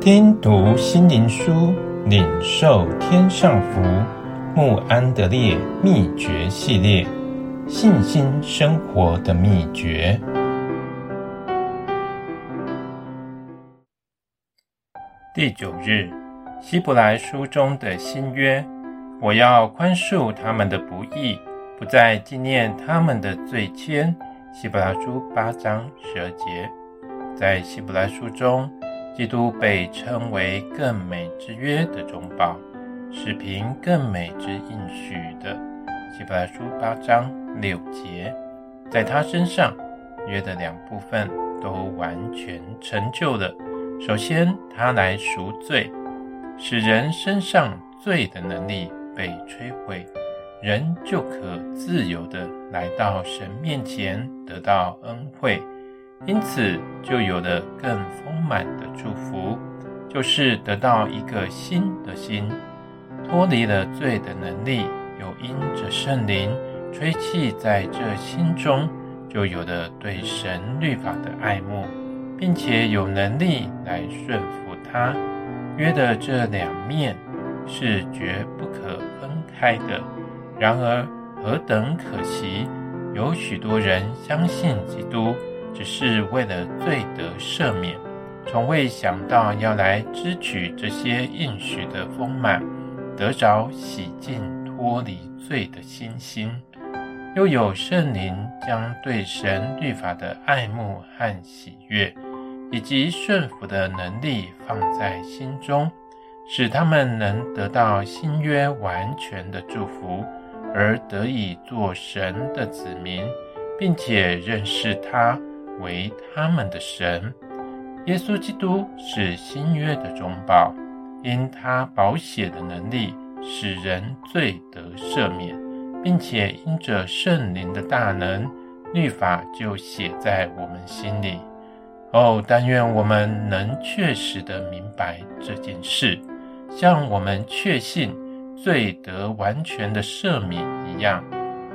聽讀心靈書，領受天上福。慕安德烈秘訣系列：信心生活的秘訣。第九日，希伯來書中的新約，我要寬恕他們的不義，不再紀念他們的罪愆。希伯來書八章十二節，在希伯來書中。基督被稱為更美之約的中保，是憑更美之應許的。希伯來書八章六節，在他身上約的兩部分都完全成就了。首先，他來贖罪，使人身上罪的能力被摧毀，人就可自由地來到神面前得到恩惠。因此，就有了更豐滿的祝福，就是得到一個新的心，脫離了罪的能力。又因著聖靈吹氣在這心中，就有了對神律法的愛慕，並且有能力來順服它。約的這兩面，是絕不可分開的。然而，何等可惜，有許多人相信基督，只是為了罪得赦免，從未想到要來支取這些應許的豐滿，得着洗淨脫離罪的新心，又有聖靈將對神律法的愛慕和喜悅，以及順服的能力放在心中，使他們能得到新約完全的祝福，而得以做神的子民，並且認識他。為他們的神。耶穌基督是新約的中保，因他寶血的能力使人罪得赦免，並且因着聖靈的大能，律法就寫在我們心裡。哦，但願我們能確實的明白這件事，像我們確信罪得完全的赦免一樣，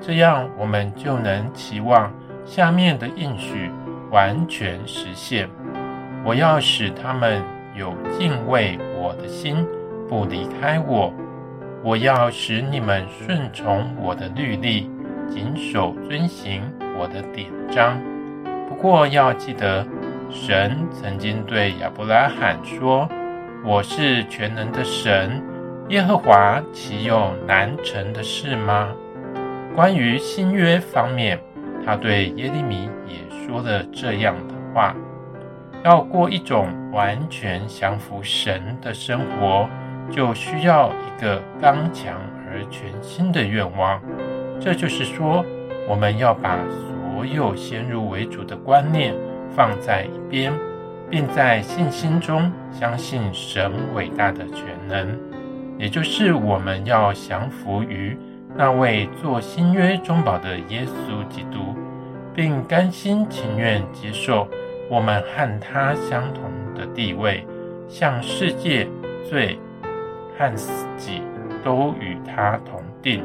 這樣我們就能期望下面的應許。完全實現，我要使他們有敬畏我的心，不離開我。我要使你們順從我的律例，謹守遵行我的典章。不過要記得，神曾經對亞伯拉罕說：“我是全能的神，耶和華豈有難成的事嗎？”關於新約方面。他對耶利米也說了這樣的話。要過一種完全降服神的生活，就需要一個剛強而全心的願望。這就是說，我們要把所有先入為主的觀念放在一邊，並在信心中相信神偉大的全能。也就是，我們要降服於。那位做新約中保的耶穌基督，並甘心情願接受我們和他相同的地位，向世界罪、和死己都與他同釘。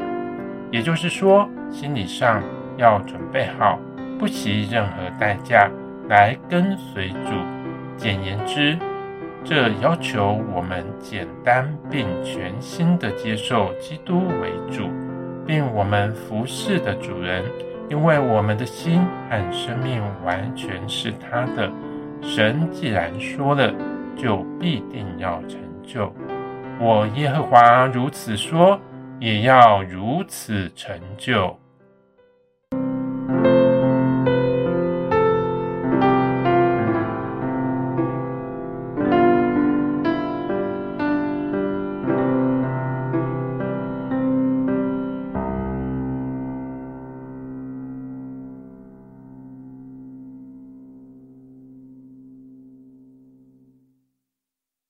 也就是說，心理上要準備好，不惜任何代價來跟隨主。簡言之，這要求我們簡單並全心的接受基督為主。並我們服侍的主人，因為我們的心和生命完全是他的。神既然說了，就必定要成就。我耶和華如此說，也要如此成就。